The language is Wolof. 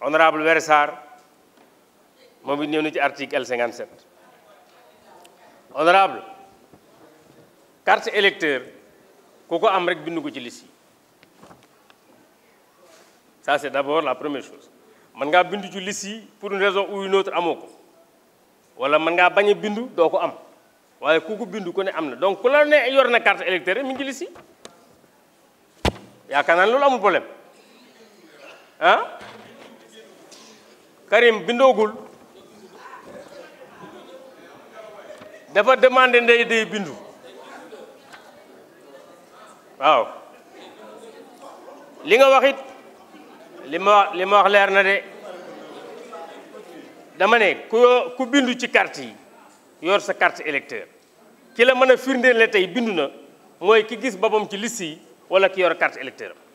honorable Versard, je vais l'article L57 honorable carte électeur pourquoi ça c'est d'abord la première chose man nga bindu ci liste pour une raison ou une autre amoko wala man nga bañ bindu doko am waye ku bindu ku ne am donc ku la ne yor na carte électorale mi ngi ci liste yi yaakaar amul problème hein Karim bindoogul dafa demander ndey day bindu waaw li nga waxit li ma wax li ma wax leer na de dama ne ku ku bindu ci carte yi yor sa carte électeur ki la mën a firndeel la tey bindu na mooy ki gis boppam ci liste yi wala ki yor carte électeur